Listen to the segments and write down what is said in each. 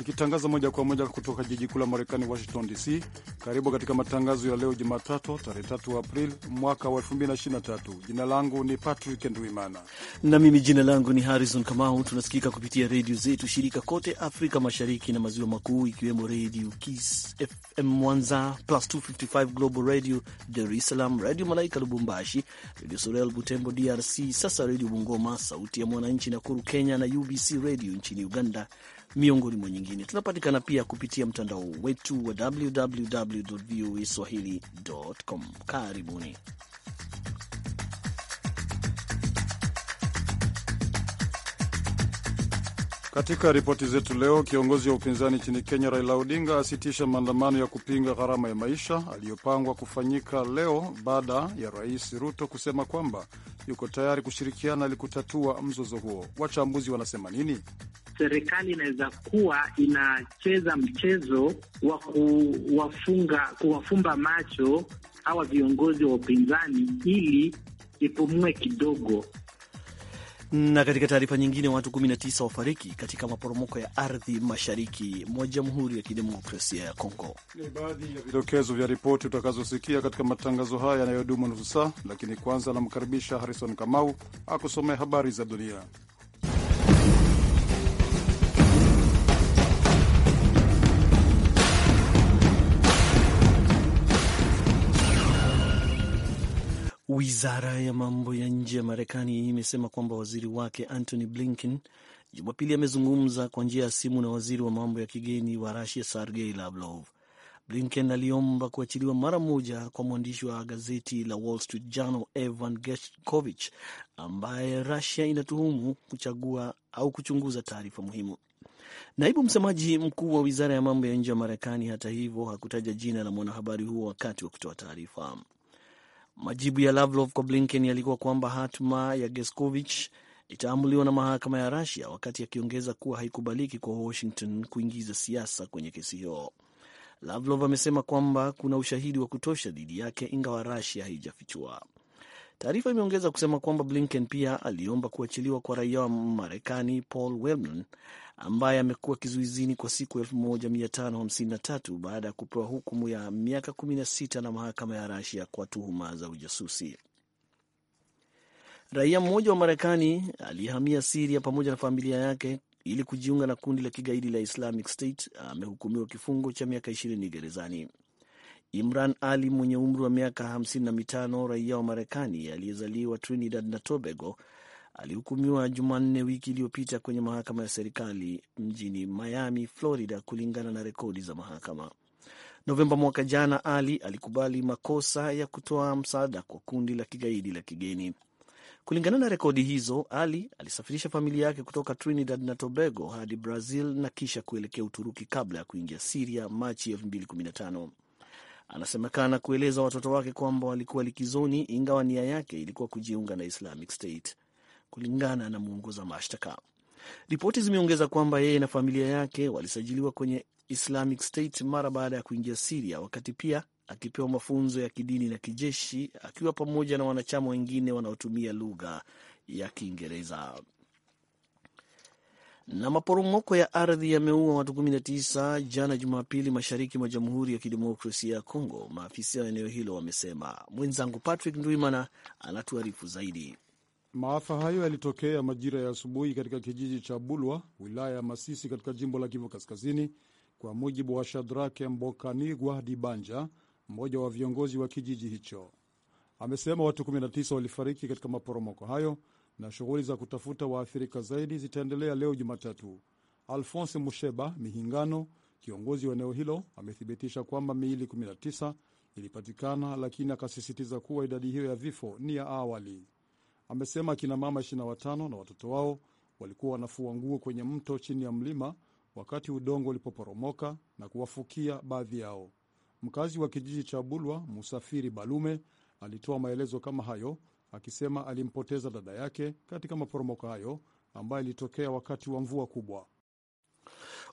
Ikitangaza moja kwa moja kutoka jiji kuu la Marekani, Washington DC. Karibu katika matangazo ya leo Jumatatu, tarehe 3 Aprili mwaka wa 2023. Jina langu ni Patrick nduimana na mimi jina langu ni Harrison Kamau. Tunasikika kupitia redio zetu shirika kote Afrika Mashariki na Maziwa Makuu, ikiwemo Redio Kiss FM Mwanza, Plus 255 Global Radio Dar es Salaam, Redio Malaika Lubumbashi, Redio Sorel Butembo DRC, sasa Redio Bungoma, Sauti ya Mwananchi Nakuru Kenya na UBC Redio nchini Uganda, miongoni mwa nyingine. Tunapatikana pia kupitia mtandao wetu wa www voa swahili.com. Karibuni. Katika ripoti zetu leo, kiongozi wa upinzani nchini Kenya Raila Odinga asitisha maandamano ya kupinga gharama ya maisha aliyopangwa kufanyika leo baada ya Rais Ruto kusema kwamba yuko tayari kushirikiana ili kutatua mzozo huo. Wachambuzi wanasema nini? serikali inaweza kuwa inacheza mchezo wa kuwafunga, kuwafumba macho hawa viongozi wa upinzani ili ipumue kidogo. Na katika taarifa nyingine, watu 19 wafariki katika maporomoko ya ardhi mashariki mwa Jamhuri ya Kidemokrasia ya Kongo. Ni baadhi ya vidokezo vya ripoti utakazosikia katika matangazo haya yanayodumu nusu saa, lakini kwanza anamkaribisha Harrison Kamau akusomea habari za dunia. Wizara ya mambo ya nje ya Marekani imesema kwamba waziri wake Antony Blinken Jumapili amezungumza kwa njia ya simu na waziri wa mambo ya kigeni wa Rusia Sergei Lavrov. Blinken aliomba kuachiliwa mara moja kwa mwandishi wa gazeti la Wall Street Journal Evan Gershkovich ambaye Rusia inatuhumu kuchagua au kuchunguza taarifa muhimu. Naibu msemaji mkuu wa wizara ya mambo ya nje ya Marekani, hata hivyo, hakutaja jina la mwanahabari huo wakati wa kutoa taarifa. Majibu ya Lavrov kwa Blinken yalikuwa kwamba hatma ya Geskovich itaamuliwa na mahakama ya Rusia, wakati akiongeza kuwa haikubaliki kwa Washington kuingiza siasa kwenye kesi hiyo. Lavrov amesema kwamba kuna ushahidi wa kutosha dhidi yake, ingawa Rusia haijafichua Taarifa imeongeza kusema kwamba Blinken pia aliomba kuachiliwa kwa raia wa Marekani Paul Whelan ambaye amekuwa kizuizini kwa siku 1553 baada ya kupewa hukumu ya miaka 16 na mahakama ya Rasia kwa tuhuma za ujasusi. Raia mmoja wa Marekani aliyehamia Siria pamoja na familia yake ili kujiunga na kundi la kigaidi la Islamic State amehukumiwa kifungo cha miaka 20 gerezani. Imran Ali mwenye umri wa miaka 55 raia wa Marekani aliyezaliwa Trinidad na Tobago alihukumiwa Jumanne wiki iliyopita kwenye mahakama ya serikali mjini Miami, Florida, kulingana na rekodi za mahakama. Novemba mwaka jana, Ali alikubali makosa ya kutoa msaada kwa kundi la kigaidi la kigeni. Kulingana na rekodi hizo, Ali alisafirisha familia yake kutoka Trinidad na Tobago hadi Brazil na kisha kuelekea Uturuki kabla ya kuingia Siria Machi 2015. Anasemekana kueleza watoto wake kwamba walikuwa likizoni, ingawa nia yake ilikuwa kujiunga na Islamic State, kulingana na mwongoza mashtaka. Ripoti zimeongeza kwamba yeye na familia yake walisajiliwa kwenye Islamic State mara baada ya kuingia Siria, wakati pia akipewa mafunzo ya kidini na kijeshi, akiwa pamoja na wanachama wengine wanaotumia lugha ya Kiingereza. Na maporomoko ya ardhi yameua watu 19 jana Jumapili, mashariki mwa Jamhuri ya Kidemokrasia ya Kongo, maafisa wa eneo hilo wamesema. Mwenzangu Patrick Ndwimana anatuarifu zaidi. Maafa hayo yalitokea majira ya asubuhi katika kijiji cha Bulwa, wilaya ya Masisi, katika jimbo la Kivu Kaskazini, kwa mujibu wa Shadrake Mbokanigwa Dibanja, mmoja wa viongozi wa kijiji hicho. Amesema watu 19 walifariki katika maporomoko hayo na shughuli za kutafuta waathirika zaidi zitaendelea leo Jumatatu. alfonse Musheba Mihingano, kiongozi wa eneo hilo, amethibitisha kwamba miili 19 ilipatikana, lakini akasisitiza kuwa idadi hiyo ya vifo ni ya awali. Amesema akina mama 25 na watoto wao walikuwa wanafua nguo kwenye mto chini ya mlima wakati udongo ulipoporomoka na kuwafukia baadhi yao. Mkazi wa kijiji cha Bulwa, Musafiri Balume, alitoa maelezo kama hayo akisema alimpoteza dada yake katika maporomoko hayo ambayo ilitokea wakati wa mvua kubwa.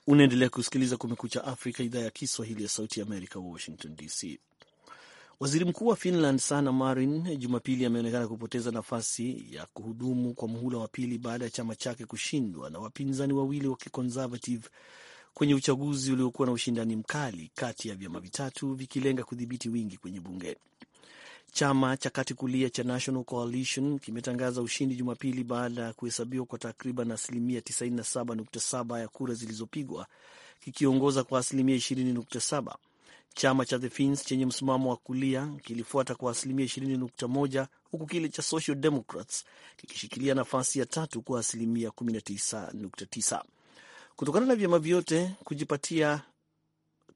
Unaendelea kusikiliza Kumekucha Afrika, idhaa ya Kiswahili ya Sauti ya Amerika, Washington DC. Waziri Mkuu wa Finland Sanna Marin Jumapili ameonekana kupoteza nafasi ya kuhudumu kwa muhula wa pili baada ya chama chake kushindwa na wapinzani wawili wa kiconservative kwenye uchaguzi uliokuwa na ushindani mkali kati ya vyama vitatu vikilenga kudhibiti wingi kwenye bunge. Chama cha kati kulia cha National Coalition kimetangaza ushindi Jumapili baada ya kuhesabiwa kwa takriban asilimia 97.7 ya kura zilizopigwa kikiongoza kwa asilimia 20.7. Chama cha The Finns chenye msimamo wa kulia kilifuata kwa asilimia 20.1 huku kile cha Social Democrats kikishikilia nafasi ya tatu kwa asilimia 19.9. Kutokana na vyama vyote kujipatia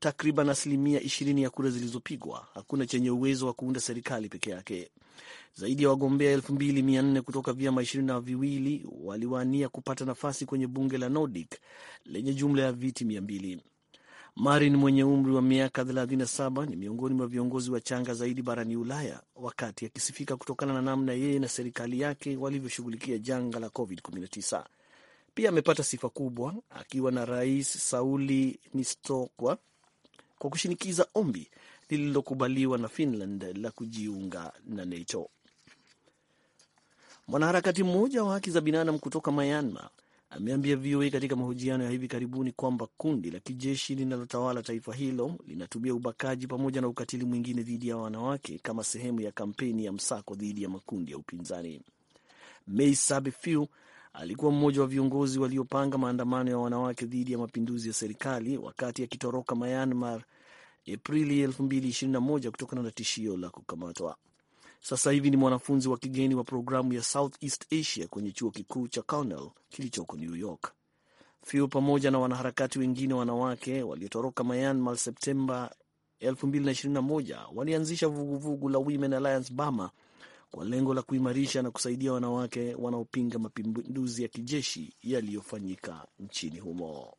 takriban asilimia ishirini ya kura zilizopigwa, hakuna chenye uwezo wa kuunda serikali peke yake. Zaidi ya wagombea elfu mia nne kutoka vyama ishirini na viwili waliwania kupata nafasi kwenye bunge la Nordic lenye jumla ya viti mia mbili. Marin mwenye umri wa miaka 37 ni miongoni mwa viongozi wachanga zaidi barani Ulaya, wakati akisifika kutokana na namna yeye na serikali yake walivyoshughulikia janga la COVID-19. Pia amepata sifa kubwa akiwa na Rais Sauli Nistokwa kwa kushinikiza ombi lililokubaliwa na Finland la kujiunga na NATO. Mwanaharakati mmoja wa haki za binadamu kutoka Myanmar ameambia VOA katika mahojiano ya hivi karibuni kwamba kundi la kijeshi linalotawala taifa hilo linatumia ubakaji pamoja na ukatili mwingine dhidi ya wanawake kama sehemu ya kampeni ya msako dhidi ya makundi ya upinzani. Mei Sabe Fiu alikuwa mmoja wa viongozi waliopanga maandamano ya wanawake dhidi ya mapinduzi ya serikali wakati akitoroka Myanmar Aprili 2021 kutokana na tishio la kukamatwa. Sasa hivi ni mwanafunzi wa kigeni wa programu ya Southeast Asia kwenye chuo kikuu cha Cornell kilichoko New York. Phil pamoja na wanaharakati wengine wanawake waliotoroka Myanmar Septemba 2021 walianzisha vuguvugu la Women Alliance Burma kwa lengo la kuimarisha na kusaidia wanawake wanaopinga mapinduzi ya kijeshi yaliyofanyika nchini humo.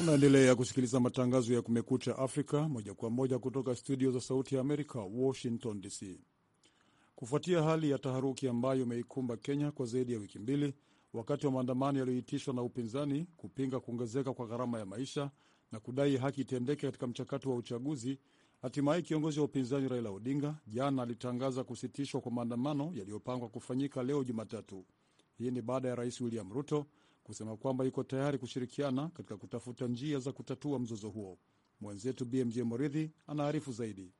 Unaendelea kusikiliza matangazo ya Kumekucha Afrika moja kwa moja kutoka studio za Sauti ya Amerika, Washington DC kufuatia hali ya taharuki ambayo imeikumba Kenya kwa zaidi ya wiki mbili wakati wa maandamano yaliyoitishwa na upinzani kupinga kuongezeka kwa gharama ya maisha na kudai haki itendeke katika mchakato wa uchaguzi. Hatimaye kiongozi wa upinzani Raila Odinga jana alitangaza kusitishwa kwa maandamano yaliyopangwa kufanyika leo Jumatatu. Hii ni baada ya rais William Ruto kusema kwamba yuko tayari kushirikiana katika kutafuta njia za kutatua mzozo huo. Mwenzetu BMJ Moridhi anaarifu zaidi.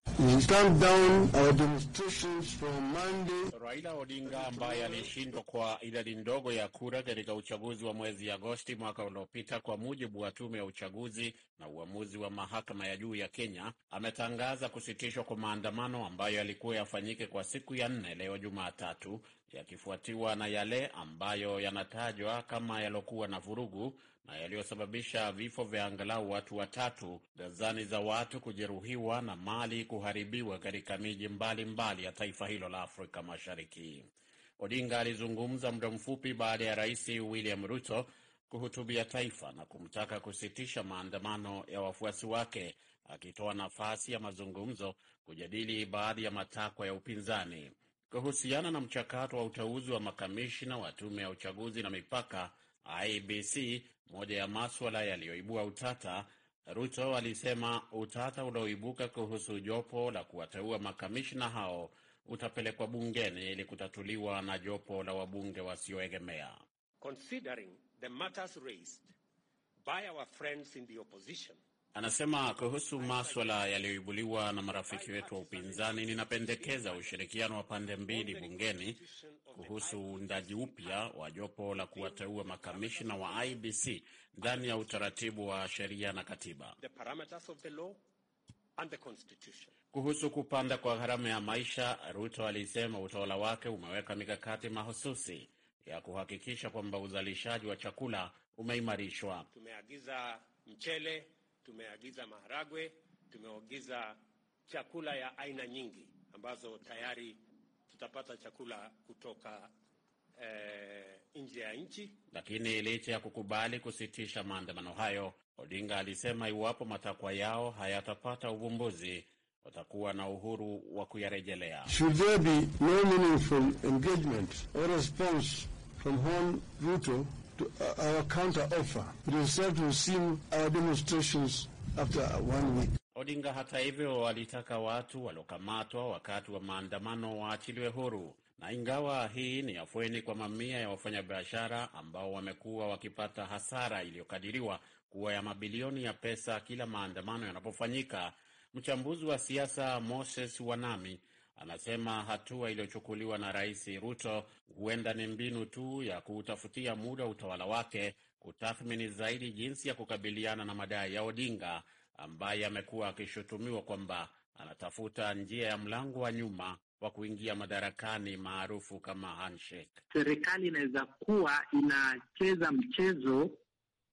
Raila Odinga ambaye alishindwa kwa idadi ndogo ya kura katika uchaguzi wa mwezi Agosti mwaka uliopita, kwa mujibu wa tume ya uchaguzi, na uamuzi wa mahakama ya juu ya Kenya, ametangaza kusitishwa kwa maandamano ambayo yalikuwa yafanyike kwa siku ya nne leo Jumatatu, yakifuatiwa na yale ambayo yanatajwa kama yaliokuwa na vurugu na yaliyosababisha vifo vya angalau watu watatu, dazani za watu kujeruhiwa na mali kuharibiwa katika miji mbalimbali ya taifa hilo la Afrika Mashariki. Odinga alizungumza muda mfupi baada ya Rais William Ruto kuhutubia taifa na kumtaka kusitisha maandamano ya wafuasi wake, akitoa nafasi ya mazungumzo kujadili baadhi ya matakwa ya upinzani. Kuhusiana na mchakato wa uteuzi wa makamishina wa tume ya uchaguzi na mipaka IBC, moja ya maswala yaliyoibua utata, Ruto alisema utata ulioibuka kuhusu jopo la kuwateua makamishina hao utapelekwa bungeni ili kutatuliwa na jopo la wabunge wasioegemea. Considering the matters raised by our friends in the opposition. Anasema kuhusu maswala yaliyoibuliwa na marafiki wetu wa upinzani, ninapendekeza ushirikiano wa pande mbili bungeni kuhusu uundaji upya wa jopo la kuwateua makamishna wa IBC ndani ya utaratibu wa sheria na katiba. Kuhusu kupanda kwa gharama ya maisha, Ruto alisema utawala wake umeweka mikakati mahususi ya kuhakikisha kwamba uzalishaji wa chakula umeimarishwa. Tumeagiza mchele, tumeagiza maharagwe, tumeagiza chakula ya aina nyingi ambazo tayari tutapata chakula kutoka eh, nje ya nchi. Lakini licha ya kukubali kusitisha maandamano hayo, Odinga alisema iwapo matakwa yao hayatapata uvumbuzi watakuwa na uhuru wa kuyarejelea. Should there be no meaningful engagement or response from Juan Ruto to uh, our counter offer. It was said to resume our demonstrations after one week. Odinga hata hivyo walitaka watu waliokamatwa wakati wa maandamano waachiliwe huru, na ingawa hii ni afueni kwa mamia ya wafanyabiashara ambao wamekuwa wakipata hasara iliyokadiriwa kuwa ya mabilioni ya pesa kila maandamano yanapofanyika. Mchambuzi wa siasa Moses Wanami Anasema hatua iliyochukuliwa na Rais Ruto huenda ni mbinu tu ya kuutafutia muda wa utawala wake kutathmini zaidi jinsi ya kukabiliana na madai ya Odinga ambaye amekuwa akishutumiwa kwamba anatafuta njia ya mlango wa nyuma wa kuingia madarakani maarufu kama handshake. Serikali inaweza kuwa inacheza mchezo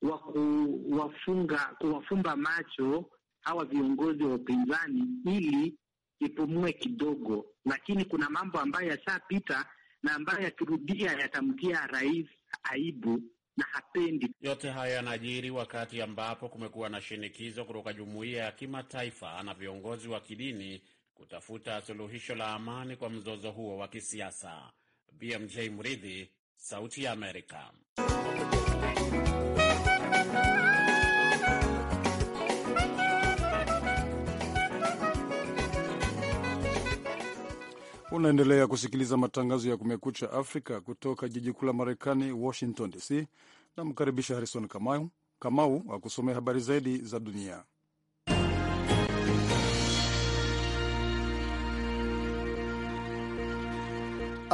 wa kuwafunga kuwafumba macho hawa viongozi wa upinzani ili ipumue kidogo, lakini kuna mambo ambayo yashapita na ambayo yakirudia yatamtia rais aibu na hapendi. Yote haya yanajiri wakati ambapo kumekuwa na shinikizo kutoka jumuiya ya kimataifa na viongozi wa kidini kutafuta suluhisho la amani kwa mzozo huo wa kisiasa. BMJ Mridhi, Sauti ya Amerika. Unaendelea kusikiliza matangazo ya Kumekucha Afrika kutoka jiji kuu la Marekani, Washington DC. Namkaribisha Harrison Kamau, Kamau akusomea habari zaidi za dunia.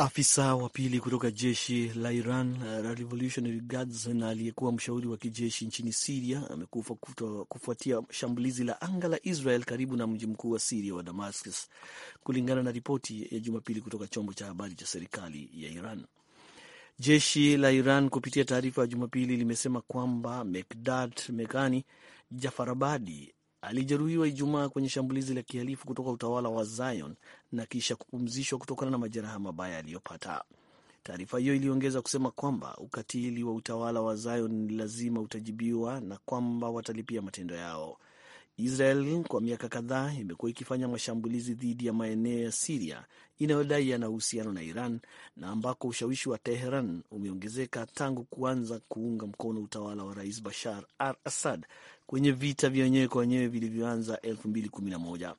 Afisa wa pili kutoka jeshi la Iran la uh, Revolutionary Guards na aliyekuwa mshauri wa kijeshi nchini Siria amekufa kufuatia shambulizi la anga la Israel karibu na mji mkuu wa Siria wa Damascus, kulingana na ripoti ya Jumapili kutoka chombo cha habari cha serikali ya Iran. Jeshi la Iran kupitia taarifa ya Jumapili limesema kwamba Mekdad Mekani Jafarabadi alijeruhiwa Ijumaa kwenye shambulizi la kihalifu kutoka utawala wa Zion na kisha kupumzishwa kutokana na majeraha mabaya aliyopata. Taarifa hiyo iliongeza kusema kwamba ukatili wa utawala wa Zion ni lazima utajibiwa na kwamba watalipia matendo yao. Israel kwa miaka kadhaa imekuwa ikifanya mashambulizi dhidi ya maeneo ya Siria inayodai yana uhusiano na Iran na ambako ushawishi wa Teheran umeongezeka tangu kuanza kuunga mkono utawala wa Rais Bashar al Assad kwenye vita vya wenyewe kwa wenyewe vilivyoanza 2011.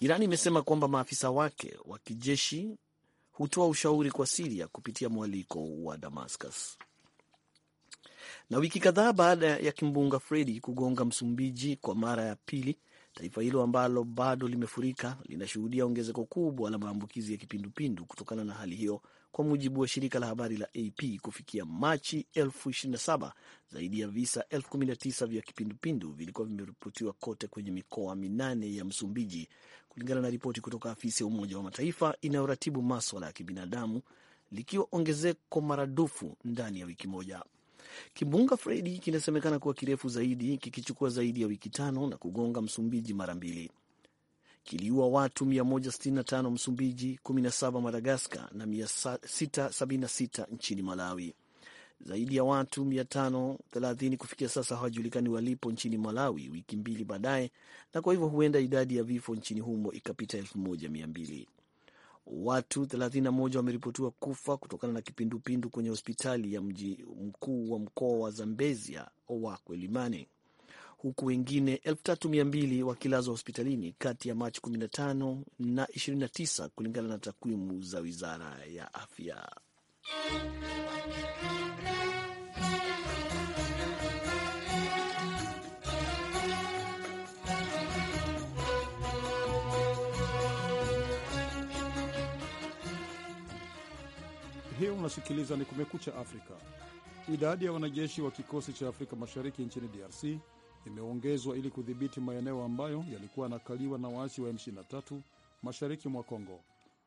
Irani imesema kwamba maafisa wake wa kijeshi hutoa ushauri kwa Siria kupitia mwaliko wa Damascus. Na wiki kadhaa baada ya kimbunga Fredi kugonga Msumbiji kwa mara ya pili, Taifa hilo ambalo bado limefurika linashuhudia ongezeko kubwa la maambukizi ya kipindupindu kutokana na hali hiyo, kwa mujibu wa shirika la habari la AP. Kufikia Machi 27 zaidi ya visa 19 vya kipindupindu vilikuwa vimeripotiwa kote kwenye mikoa minane ya Msumbiji, kulingana na ripoti kutoka afisi ya Umoja wa Mataifa inayoratibu maswala ya kibinadamu, likiwa ongezeko maradufu ndani ya wiki moja. Kimbunga Fredi kinasemekana kuwa kirefu zaidi, kikichukua zaidi ya wiki tano na kugonga Msumbiji mara mbili. Kiliua watu 165 Msumbiji, 17 Madagaskar na 676 nchini Malawi. Zaidi ya watu 530 kufikia sasa hawajulikani walipo nchini Malawi wiki mbili baadaye, na kwa hivyo huenda idadi ya vifo nchini humo ikapita 1200 watu 31 wameripotiwa kufa kutokana na kipindupindu kwenye hospitali ya mji mkuu wa mkoa wa Zambezia wa Kwelimane, huku wengine 3200 wakilazwa hospitalini kati ya Machi 15 na 29 kulingana na takwimu za wizara ya afya. hiyo unasikiliza ni Kumekucha Afrika. Idadi ya wanajeshi wa kikosi cha Afrika Mashariki nchini DRC imeongezwa ili kudhibiti maeneo ambayo yalikuwa yanakaliwa na waasi wa M23 mashariki mwa Kongo.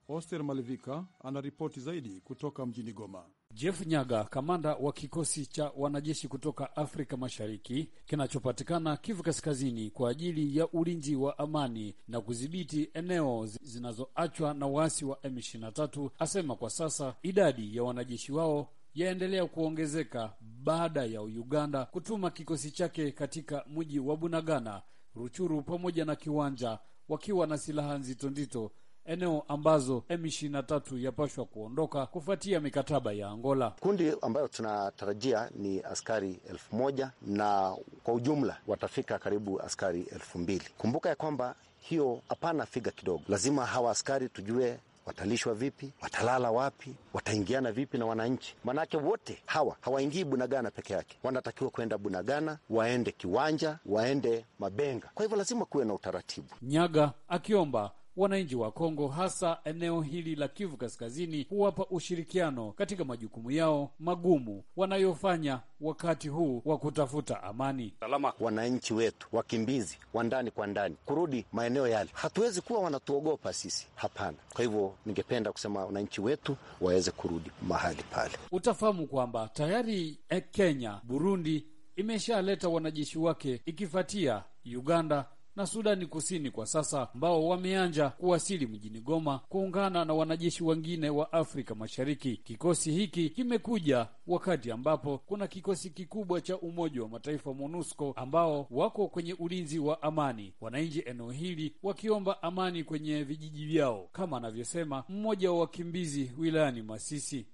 Oster Malivika ana ripoti zaidi kutoka mjini Goma. Jeff Nyaga, kamanda wa kikosi cha wanajeshi kutoka Afrika Mashariki kinachopatikana Kivu Kaskazini kwa ajili ya ulinzi wa amani na kudhibiti eneo zinazoachwa na waasi wa M23, asema kwa sasa idadi ya wanajeshi wao yaendelea kuongezeka baada ya Uganda kutuma kikosi chake katika mji wa Bunagana, Ruchuru pamoja na Kiwanja wakiwa na silaha nzito nzito eneo ambazo M23 yapashwa kuondoka kufuatia mikataba ya Angola. Kundi ambayo tunatarajia ni askari elfu moja na kwa ujumla watafika karibu askari elfu mbili. Kumbuka ya kwamba hiyo hapana figa kidogo, lazima hawa askari tujue watalishwa vipi, watalala wapi, wataingiana vipi na wananchi. Manake wote hawa hawaingii Bunagana peke yake, wanatakiwa kwenda Bunagana, waende Kiwanja, waende Mabenga. Kwa hivyo lazima kuwe na utaratibu. Nyaga akiomba wananchi wa Kongo, hasa eneo hili la Kivu Kaskazini, huwapa ushirikiano katika majukumu yao magumu wanayofanya wakati huu wa kutafuta amani salama. Wananchi wetu wakimbizi wa ndani kwa ndani kurudi maeneo yale, hatuwezi kuwa wanatuogopa sisi, hapana. Kwa hivyo ningependa kusema wananchi wetu waweze kurudi mahali pale. Utafahamu kwamba tayari eh, Kenya, Burundi imeshaleta wanajeshi wake ikifuatia Uganda na Sudani Kusini kwa sasa, ambao wameanja kuwasili mjini Goma kuungana na wanajeshi wengine wa Afrika Mashariki. Kikosi hiki kimekuja wakati ambapo kuna kikosi kikubwa cha Umoja wa Mataifa MONUSCO ambao wako kwenye ulinzi wa amani, wananchi eneo hili wakiomba amani kwenye vijiji vyao, kama anavyosema mmoja wa wakimbizi wilayani Masisi.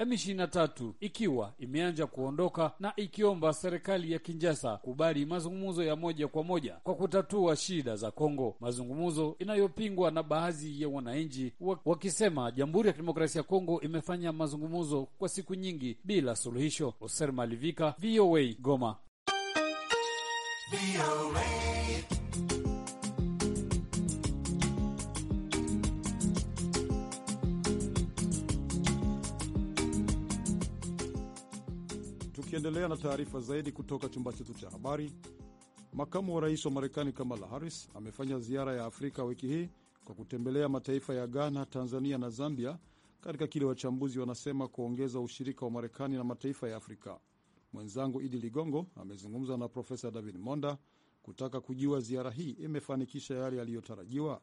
M23 ikiwa imeanza kuondoka na ikiomba serikali ya kinjasa kubali mazungumzo ya moja kwa moja kwa kutatua shida za Kongo, mazungumzo inayopingwa na baadhi ya wananchi wakisema Jamhuri ya Kidemokrasia ya Kongo imefanya mazungumzo kwa siku nyingi bila suluhisho. Oser Malivika, VOA Goma. VOA. Tukiendelea na taarifa zaidi kutoka chumba chetu cha habari, makamu wa rais wa Marekani Kamala Harris amefanya ziara ya Afrika wiki hii kwa kutembelea mataifa ya Ghana, Tanzania na Zambia katika kile wachambuzi wanasema kuongeza ushirika wa Marekani na mataifa ya Afrika. Mwenzangu Idi Ligongo amezungumza na Profesa David Monda kutaka kujua ziara hii imefanikisha yale yaliyotarajiwa.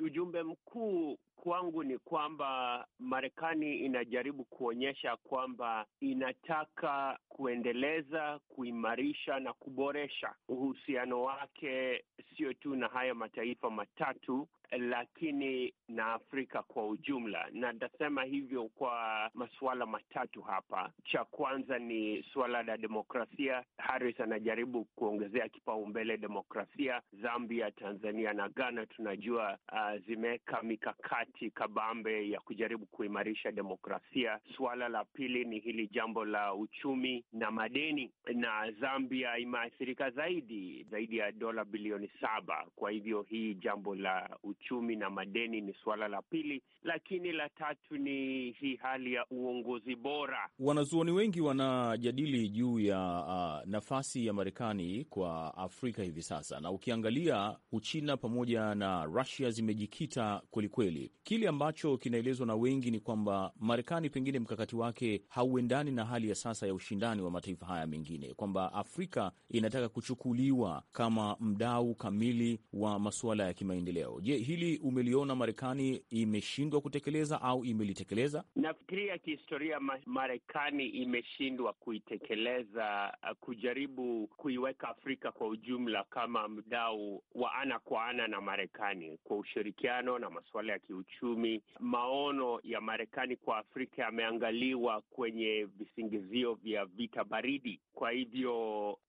Ujumbe mkuu kwangu ni kwamba Marekani inajaribu kuonyesha kwamba inataka kuendeleza, kuimarisha na kuboresha uhusiano wake sio tu na haya mataifa matatu lakini na Afrika kwa ujumla, na nitasema hivyo kwa masuala matatu hapa. Cha kwanza ni suala la demokrasia. Harris anajaribu kuongezea kipaumbele demokrasia. Zambia, Tanzania na Ghana tunajua uh, zimeweka mikakati mikakati kabambe ya kujaribu kuimarisha demokrasia. Suala la pili ni hili jambo la uchumi na madeni, na Zambia imeathirika zaidi zaidi ya dola bilioni saba. Kwa hivyo hii jambo la uchumi na madeni ni suala la pili, lakini la tatu ni hii hali ya uongozi bora. Wanazuoni wengi wanajadili juu ya uh, nafasi ya Marekani kwa Afrika hivi sasa, na ukiangalia Uchina pamoja na Russia zimejikita kwelikweli Kile ambacho kinaelezwa na wengi ni kwamba Marekani pengine mkakati wake hauendani na hali ya sasa ya ushindani wa mataifa haya mengine, kwamba Afrika inataka kuchukuliwa kama mdau kamili wa masuala ya kimaendeleo. Je, hili umeliona Marekani imeshindwa kutekeleza au imelitekeleza? Nafikiria kihistoria, Marekani imeshindwa kuitekeleza, uh, kujaribu kuiweka Afrika kwa ujumla kama mdau wa ana kwa ana na Marekani kwa ushirikiano na masuala ya kiuchumi kiuchumi, maono ya Marekani kwa Afrika yameangaliwa kwenye visingizio vya vita baridi. Kwa hivyo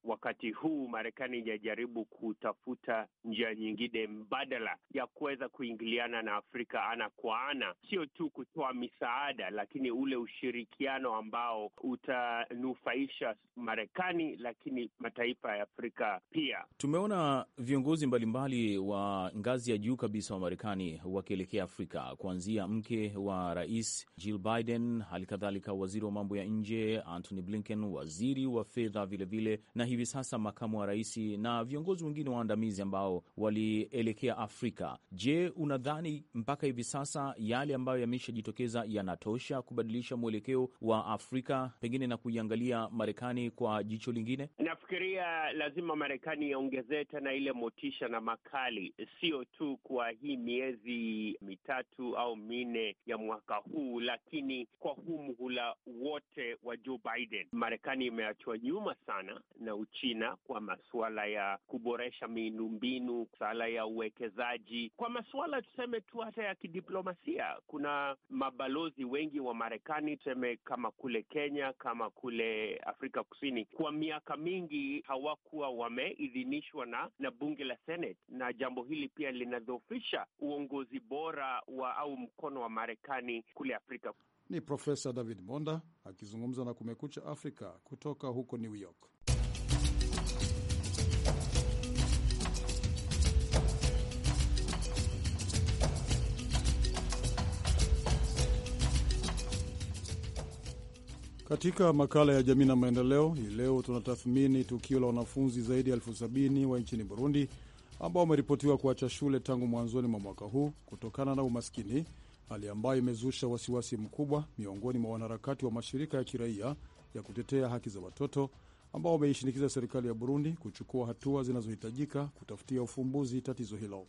wakati huu Marekani inajaribu kutafuta njia nyingine mbadala ya kuweza kuingiliana na Afrika ana kwa ana, sio tu kutoa misaada, lakini ule ushirikiano ambao utanufaisha Marekani, lakini mataifa ya Afrika pia. Tumeona viongozi mbalimbali wa ngazi ya juu kabisa wa Marekani wakielekea Afrika Afrika kuanzia mke wa rais Jill Biden, hali kadhalika waziri wa mambo ya nje Antony Blinken, waziri wa fedha vilevile, na hivi sasa makamu wa rais na viongozi wengine waandamizi ambao walielekea Afrika. Je, unadhani mpaka hivi sasa yale ambayo yameshajitokeza yanatosha kubadilisha mwelekeo wa Afrika pengine na kuiangalia Marekani kwa jicho lingine? Nafikiria lazima Marekani iongezee tena ile motisha na makali, sio tu kwa hii miezi mitatu mitatu au minne ya mwaka huu, lakini kwa huu mhula wote wa Joe Biden, Marekani imeachwa nyuma sana na Uchina kwa masuala ya kuboresha miundombinu, masuala ya uwekezaji, kwa masuala tuseme tu hata ya kidiplomasia. Kuna mabalozi wengi wa Marekani tuseme kama kule Kenya, kama kule Afrika Kusini, kwa miaka mingi hawakuwa wameidhinishwa na, na bunge la Senate, na jambo hili pia linadhoofisha uongozi bora wa au mkono wa Marekani kule Afrika. Ni Profesa David Monda akizungumza na Kumekucha Afrika kutoka huko New York. Katika makala ya jamii na maendeleo hii leo tunatathmini tukio la wanafunzi zaidi ya elfu sabini wa nchini Burundi ambao wameripotiwa kuacha shule tangu mwanzoni mwa mwaka huu kutokana na umaskini, hali ambayo imezusha wasiwasi mkubwa miongoni mwa wanaharakati wa mashirika ya kiraia ya kutetea haki za watoto ambao wameishinikiza serikali ya Burundi kuchukua hatua zinazohitajika kutafutia ufumbuzi tatizo hilo.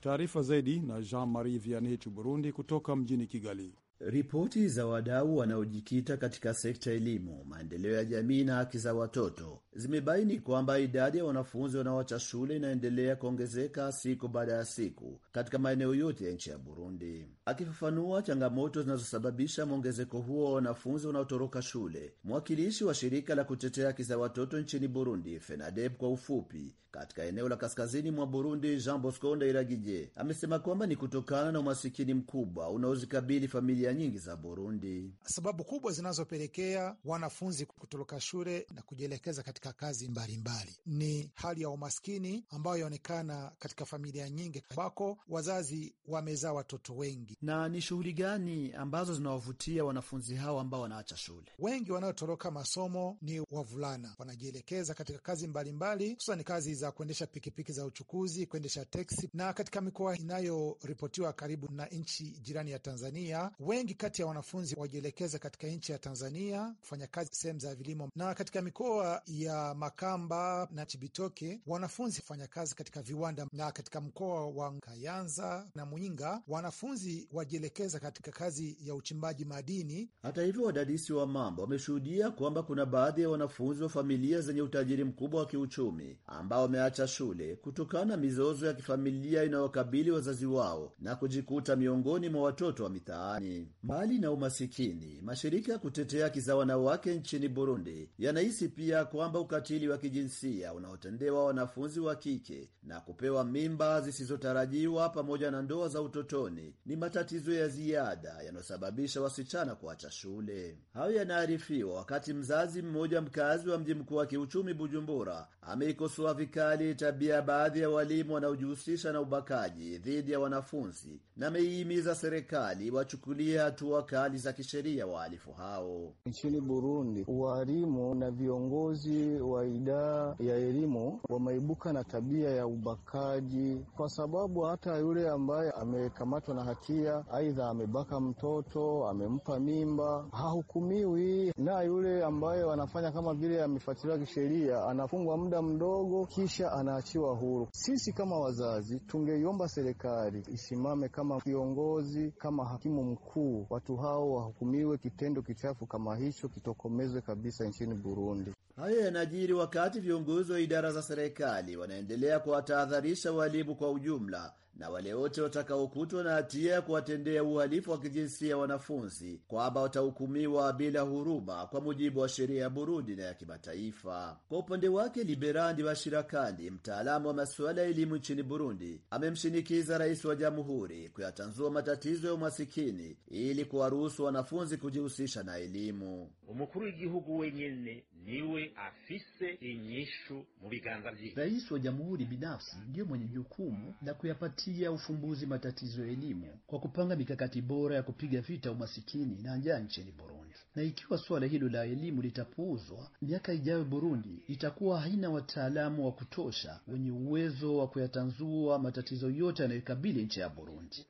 Taarifa zaidi na Jean Marie Vianney Burundi kutoka mjini Kigali. Ripoti za wadau wanaojikita katika sekta elimu, maendeleo ya jamii na haki za watoto zimebaini kwamba idadi ya wanafunzi wanaoacha shule inaendelea kuongezeka siku baada ya siku katika maeneo yote ya nchi ya Burundi. Akifafanua changamoto zinazosababisha mwongezeko huo wa wanafunzi wanaotoroka shule, mwakilishi wa shirika la kutetea haki za watoto nchini Burundi, FENADEB kwa ufupi, katika eneo la kaskazini mwa Burundi, Jean Bosco Ndairagije amesema kwamba ni kutokana na umasikini mkubwa unaozikabili familia nyingi za Burundi. Sababu kubwa zinazopelekea wanafunzi kutoroka shule na kujielekeza katika kazi mbalimbali mbali, ni hali ya umaskini ambayo yaonekana katika familia nyingi ambako wazazi wamezaa watoto wengi. Na ni shughuli gani ambazo zinawavutia wanafunzi hao ambao wanaacha shule? Wengi wanaotoroka masomo ni wavulana, wanajielekeza katika kazi mbalimbali, hususani kazi za kuendesha pikipiki za uchukuzi, kuendesha teksi, na katika mikoa inayoripotiwa karibu na nchi jirani ya Tanzania wengi kati ya wanafunzi wajielekeza katika nchi ya Tanzania kufanya kazi sehemu za vilimo, na katika mikoa ya Makamba na Chibitoke wanafunzi hufanya kazi katika viwanda, na katika mkoa wa Kayanza na mwinga wanafunzi wajielekeza katika kazi ya uchimbaji madini. Hata hivyo, wadadisi wa mambo wameshuhudia kwamba kuna baadhi ya wanafunzi wa familia zenye utajiri mkubwa wa kiuchumi ambao wameacha shule kutokana na mizozo ya kifamilia inayokabili wazazi wao na kujikuta miongoni mwa watoto wa mitaani. Mbali na umasikini, mashirika ya kutetea haki za wanawake nchini Burundi yanahisi pia kwamba ukatili wa kijinsia unaotendewa wanafunzi wa kike na kupewa mimba zisizotarajiwa pamoja na ndoa za utotoni ni matatizo ya ziada yanayosababisha wasichana kuacha shule. Hayo yanaarifiwa wakati mzazi mmoja mkazi wa mji mkuu wa kiuchumi Bujumbura ameikosoa vikali tabia ya baadhi ya walimu wanaojihusisha na ubakaji dhidi ya wanafunzi na ameihimiza serikali wachukulie kuchukulia hatua kali za kisheria wahalifu hao. Nchini Burundi, walimu na viongozi wa idaa ya elimu wameibuka na tabia ya ubakaji, kwa sababu hata yule ambaye amekamatwa na hatia, aidha amebaka mtoto, amempa mimba, hahukumiwi, na yule ambaye wanafanya kama vile amefuatiliwa kisheria, anafungwa muda mdogo, kisha anaachiwa huru. Sisi kama wazazi tungeiomba serikali isimame kama kiongozi, kama hakimu mkuu huu watu hao wahukumiwe. Kitendo kichafu kama hicho kitokomezwe kabisa nchini Burundi. Hayo yanajiri wakati viongozi wa idara za serikali wanaendelea kuwatahadharisha walimu kwa ujumla na wale wote watakaokutwa na hatia ya kuwatendea uhalifu wa kijinsia wanafunzi kwamba watahukumiwa bila huruma kwa mujibu wa sheria ya Burundi na ya kimataifa. Kwa upande wake, Liberandi Bashirakandi, mtaalamu wa masuala ya elimu nchini Burundi, amemshinikiza rais wa jamhuri kuyatanzua matatizo ya umasikini ili kuwaruhusu wanafunzi kujihusisha na elimu. umukuru w'igihugu wenyene niwe afise inyishu mu biganza vyiwe. Rais wa jamhuri binafsi ndiyo mwenye jukumu la kuyapatia ufumbuzi matatizo ya elimu kwa kupanga mikakati bora ya kupiga vita umasikini na njaa nchini Burundi. Na ikiwa suala hilo la elimu litapuuzwa, miaka ijayo Burundi itakuwa haina wataalamu wa kutosha wenye uwezo wa kuyatanzua matatizo yote yanayoikabili nchi ya Burundi.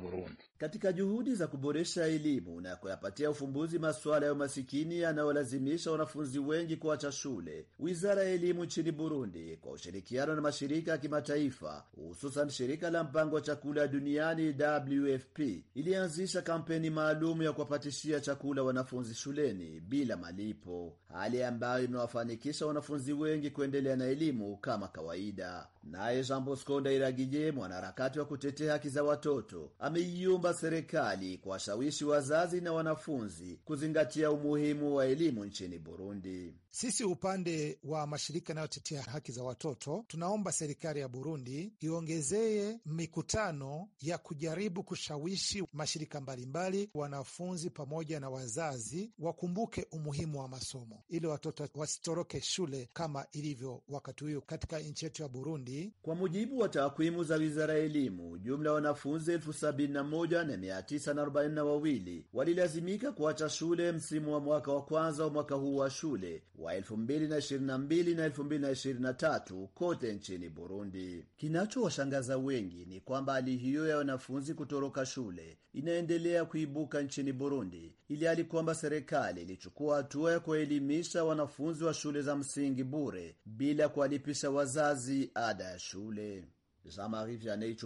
Burundi. Katika juhudi za kuboresha elimu na kuyapatia ufumbuzi masuala ya umasikini masikini yanayolazimisha wanafunzi wengi kuacha shule. Wizara ya elimu nchini Burundi kwa ushirikiano na mashirika ya kimataifa hususan shirika la mpango wa chakula duniani WFP ilianzisha kampeni maalum ya kuwapatishia chakula wanafunzi shuleni bila malipo, hali ambayo imewafanikisha wanafunzi wengi kuendelea na elimu kama kawaida. Naye Jean Bosco Ndairagije, mwanaharakati wa kutetea haki za watoto, ameiomba serikali kuwashawishi wazazi na wanafunzi kuzingatia umuhimu wa elimu nchini Burundi. Sisi upande wa mashirika yanayotetea haki za watoto tunaomba serikali ya Burundi iongezee mikutano ya kujaribu kushawishi mashirika mbalimbali, wanafunzi pamoja na wazazi wakumbuke umuhimu wa masomo ili watoto wasitoroke shule kama ilivyo wakati huyo katika nchi yetu ya Burundi. Kwa mujibu wa takwimu za wizara ya elimu, jumla ya wanafunzi 71,942 walilazimika kuacha shule msimu wa mwaka wa kwanza wa mwaka huu wa shule wa 2022 na kote nchini Burundi. Kinachowashangaza wengi ni kwamba hali hiyo ya wanafunzi kutoroka shule inaendelea kuibuka nchini Burundi ili hali kwamba serikali ilichukua hatua ya kuwaelimisha wanafunzi wa shule za msingi bure bila kuwalipisha wazazi ada ya shule.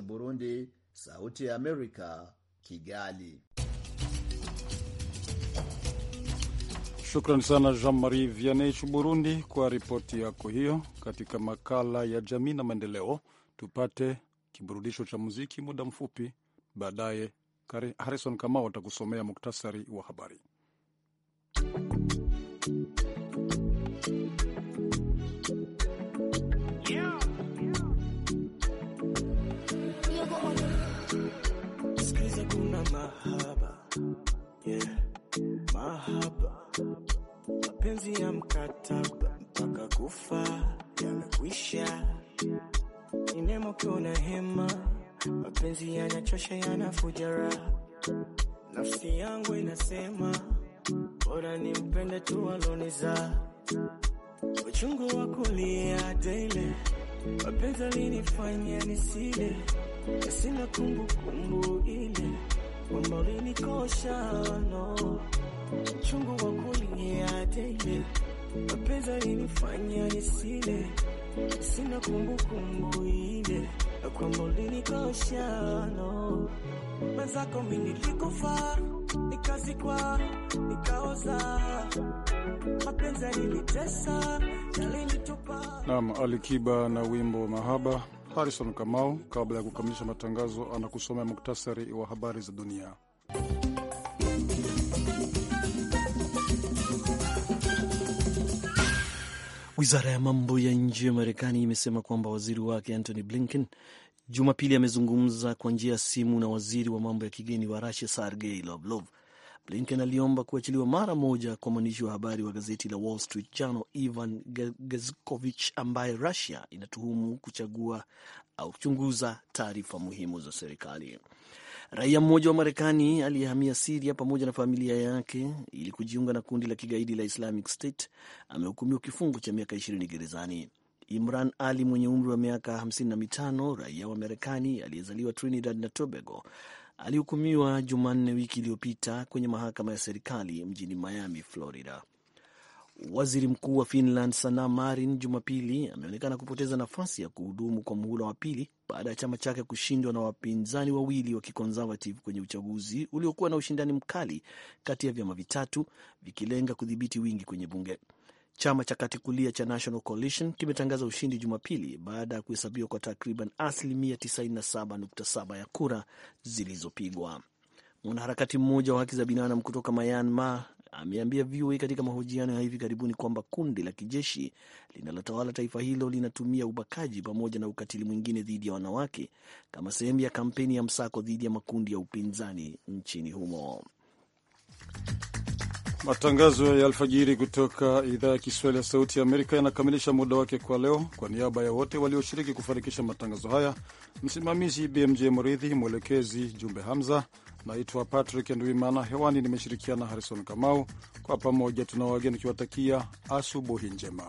Burundi, Sauti ya Amerika, Kigali. Shukran sana Jean-Marie Vianney, Burundi, kwa ripoti yako hiyo. Katika makala ya jamii na maendeleo, tupate kiburudisho cha muziki muda mfupi baadaye. Harrison Kamau atakusomea muktasari wa habari. Mahaba mapenzi ya mkataba mpaka kufa yamekwisha, inemo kiona hema mapenzi yanachosha, yanafujara nafsi yangu inasema bora nimpende tu aloniza, uchungu wa kulia daily, mapenzi alinifanya nisile, sina kumbukumbu ile kwamba ulinikosha, no uchungu wa kulia daily, mapenzi alinifanya nisile sina kumbukumbu ile kwamba ulinikoshano mwenzako, mi nilikufa nikazikwa nikaoza, mapenzi yalinitesa yalinitupa. Naam, Alikiba na wimbo mahaba. Harrison Kamau, kabla ya kukamilisha matangazo, anakusomea muktasari wa habari za dunia. Wizara ya mambo ya nje ya Marekani imesema kwamba waziri wake Antony Blinken Jumapili amezungumza kwa njia ya simu na waziri wa mambo ya kigeni wa Rusia Sergei Lavrov. Blinken aliomba kuachiliwa mara moja kwa mwandishi wa habari wa gazeti la Wall Street Journal Ivan Gezkovich ambaye Rusia inatuhumu kuchagua au kuchunguza taarifa muhimu za serikali. Raia mmoja wa Marekani aliyehamia Siria pamoja na familia yake ili kujiunga na kundi la kigaidi la Islamic State amehukumiwa kifungo cha miaka ishirini gerezani. Imran Ali mwenye umri wa miaka hamsini na mitano, raia wa Marekani aliyezaliwa Trinidad na Tobago, alihukumiwa Jumanne wiki iliyopita kwenye mahakama ya serikali mjini Miami, Florida. Waziri Mkuu wa Finland Sanna Marin Jumapili ameonekana kupoteza nafasi ya kuhudumu kwa muhula wa pili baada ya chama chake kushindwa na wapinzani wawili wa kiconservative kwenye uchaguzi uliokuwa na ushindani mkali kati ya vyama vitatu vikilenga kudhibiti wingi kwenye bunge. Chama cha kati kulia cha National Coalition kimetangaza ushindi Jumapili baada ya kuhesabiwa kwa takriban asilimia 97.7 ya kura zilizopigwa. Mwanaharakati mmoja wa haki za binadamu kutoka Myanmar ameambia VOA katika mahojiano ya hivi karibuni kwamba kundi la kijeshi linalotawala taifa hilo linatumia ubakaji pamoja na ukatili mwingine dhidi ya wanawake kama sehemu ya kampeni ya msako dhidi ya makundi ya upinzani nchini humo. Matangazo ya alfajiri kutoka idhaa ya Kiswahili ya Sauti ya Amerika yanakamilisha muda wake kwa leo. Kwa niaba ya wote walioshiriki kufanikisha matangazo haya, msimamizi BMJ Mridhi, mwelekezi Jumbe Hamza, Naitwa Patrick Ndwimana, hewani nimeshirikiana Harrison Kamau. Kwa pamoja tuna wageni kiwatakia asubuhi njema.